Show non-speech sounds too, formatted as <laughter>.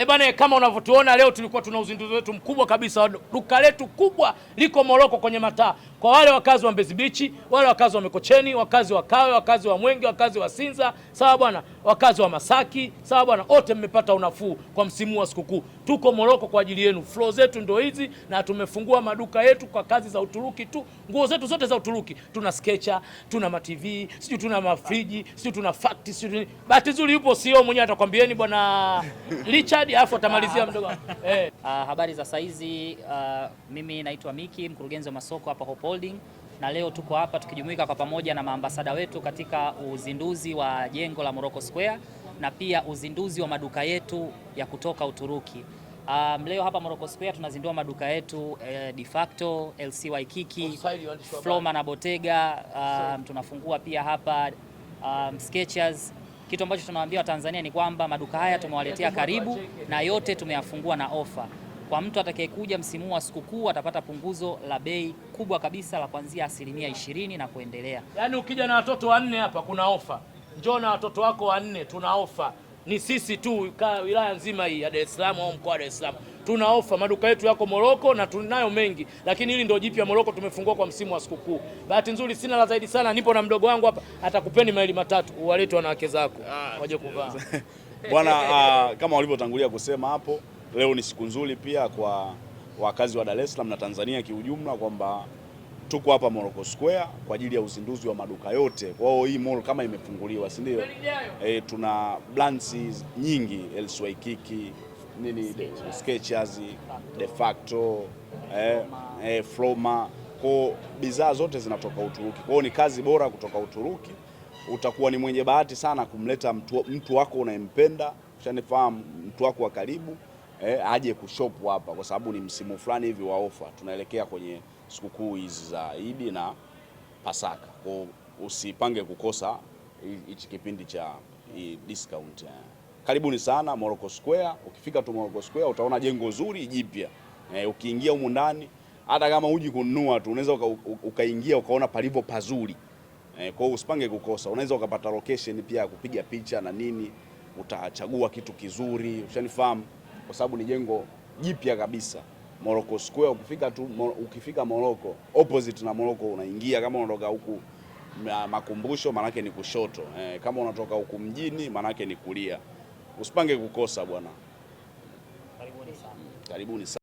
E eh, bana, eh, kama unavyotuona leo, tulikuwa tuna uzinduzi wetu mkubwa kabisa. Duka letu kubwa liko Moroko kwenye mataa, kwa wale wakazi wa Mbezi Beach, wale wakazi wa Mikocheni, wakazi wa Kawe, wakazi wa Mwenge, wakazi wa Sinza, sawa bwana, wakazi wa Masaki, sawa bwana, wote mmepata unafuu kwa msimu wa sikukuu. Tuko Moroko kwa ajili yenu. flo zetu ndio hizi, na tumefungua maduka yetu kwa kazi za Uturuki tu. Nguo zetu zote za Uturuki, tuna skecha, tuna matv, sijui tuna mafriji, sijui tuna fakti, sijui bahati nzuri yupo CEO mwenyewe atakwambieni bwana Richard <laughs> hadi afu atamalizia mdogo. <laughs> Eh, ah, habari za saizi. Uh, mimi naitwa Miki, mkurugenzi wa masoko hapa Hope Holding, na leo tuko hapa tukijumuika kwa pamoja na maambasada wetu katika uzinduzi wa jengo la Morocco Square na pia uzinduzi wa maduka yetu ya kutoka Uturuki. Um, leo hapa Morocco Square tunazindua maduka yetu eh, De Facto, LC Waikiki, Floma na Bottega. Um, tunafungua pia hapa um, Skechers kitu ambacho tunawaambia Watanzania ni kwamba maduka haya tumewaletea karibu na yote tumeyafungua na ofa. Kwa mtu atakayekuja msimu wa sikukuu atapata punguzo la bei kubwa kabisa la kuanzia asilimia ishirini na kuendelea. Yaani ukija na watoto wanne hapa kuna ofa, njoo na watoto wako wanne, tuna ofa. Ni sisi tu wilaya nzima hii ya Dar es Salaam au mkoa wa Dar es Salaam tuna ofa, maduka yetu yako Moroko na tunayo mengi, lakini hili ndio jipya Moroko tumefungua kwa msimu wa sikukuu. Bahati nzuri sina la zaidi sana, nipo na mdogo wangu hapa, atakupeni maili matatu, uwalete wanawake zako ah, waje kuvaa <laughs> bwana. Uh, kama walivyotangulia kusema hapo, leo ni siku nzuri pia kwa wakazi wa Dar es Salaam na Tanzania kiujumla kwamba tuko hapa Morocco Square kwa ajili ya uzinduzi wa maduka yote. Kwa hiyo hii mall kama imefunguliwa, si ndio? E, tuna brands nyingi LSY Kiki, nini Skechers, de facto eh, eh, Floma ko bidhaa zote zinatoka Uturuki. Kwao ni kazi bora kutoka Uturuki. Utakuwa ni mwenye bahati sana kumleta mtu, mtu wako unayempenda, ushanifahamu, mtu wako wa karibu eh, aje kushop hapa, kwa sababu ni msimu fulani hivi wa ofa. Tunaelekea kwenye sikukuu hizi za Idi na Pasaka, Kwa usipange kukosa hichi kipindi cha discount. Eh karibuni sana Morocco Square. Ukifika tu Morocco Square utaona jengo zuri jipya e, ukiingia humu ndani hata kama uji kununua tu unaweza ukaingia uka ukaona palivyo pazuri e, kwa hiyo usipange kukosa. Unaweza ukapata location pia kupiga picha na nini, utachagua kitu kizuri, ushanifahamu, kwa sababu ni jengo jipya kabisa. Morocco Square ukifika tu ukifika Morocco opposite na Morocco unaingia, kama unatoka huku makumbusho manake ni kushoto eh, kama unatoka huku mjini manake ni kulia usipange kukosa bwana. Karibuni sana.